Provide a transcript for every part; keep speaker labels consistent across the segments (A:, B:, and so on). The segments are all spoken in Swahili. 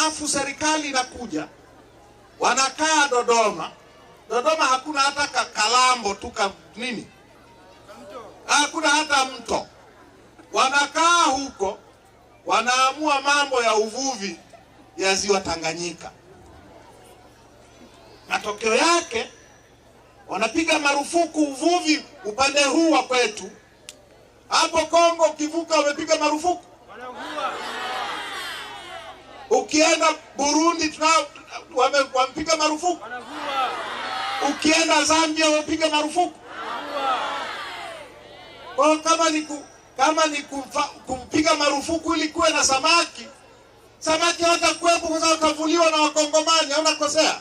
A: Alafu serikali inakuja, wanakaa Dodoma. Dodoma hakuna hata kakalambo tu ka nini, hakuna hata mto. Wanakaa huko, wanaamua mambo ya uvuvi ya ziwa Tanganyika. Matokeo yake wanapiga marufuku uvuvi upande huu wa kwetu. Hapo Kongo ukivuka, wamepiga marufuku Ukienda Burundi tunao wamepiga marufuku, ukienda Zambia wamepiga marufuku. Kwa kama ni ku, kama ni kumpiga marufuku ili kuwe na samaki, samaki hawatakuwepo kwa sababu watavuliwa na Wakongomani. Haunakosea.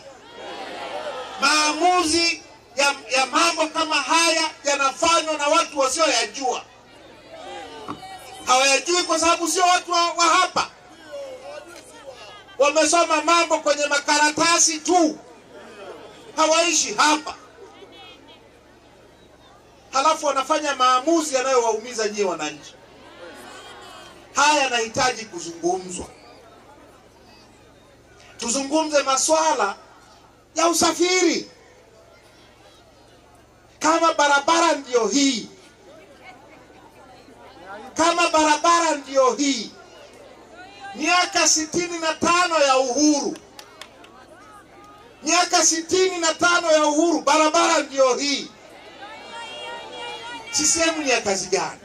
A: Maamuzi ya, ya mambo kama haya yanafanywa na watu wasioyajua, hawayajui kwa sababu sio watu wa, wa hapa wamesoma mambo kwenye makaratasi tu, hawaishi hapa, halafu wanafanya maamuzi yanayowaumiza nyie wananchi. Haya yanahitaji kuzungumzwa. Tuzungumze masuala ya usafiri. Kama barabara ndio hii, kama barabara ndio hii miaka sitini na tano ya uhuru, miaka sitini na tano ya uhuru, barabara ndio hii. Sisemu ni ya kazi gani?